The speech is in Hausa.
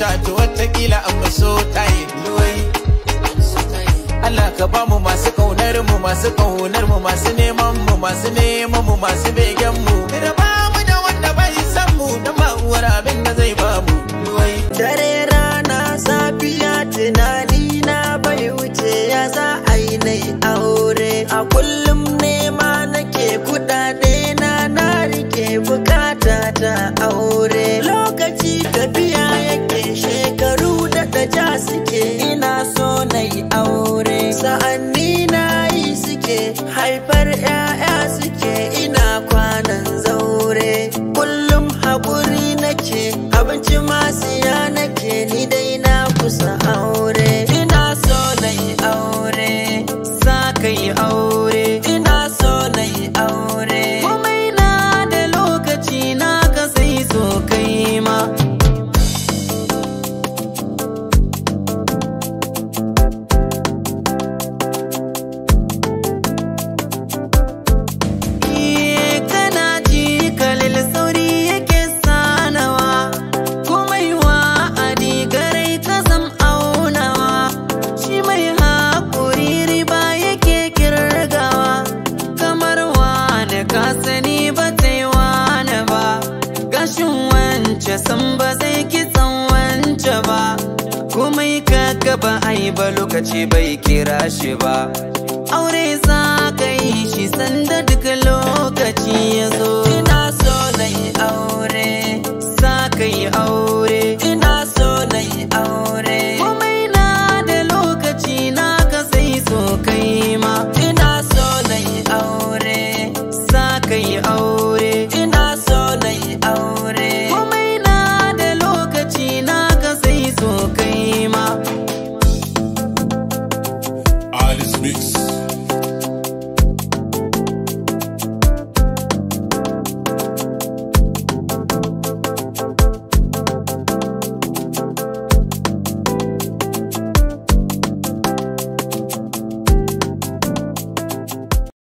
mota to watakila ta yi tayi Allah ka ba mu masu kaunar mu masu kaunar mu masu neman mu masu neman mu masu begen mu da ba mu da wanda bai san mu dan ba uwar abin da zai ba mu dare rana safiya tunani na bai wuce ya za a yi na aure a kullum nema nake kudade na na rike bukata ta aure suke ina so na yi aure sa'anni na yi suke haifar 'ya'ya suke ina kwanan za wance san ba zai kitsan wance ba komai ka ba ai ba lokaci bai kira shi ba aure za ka yi shi sanda duk lokaci ya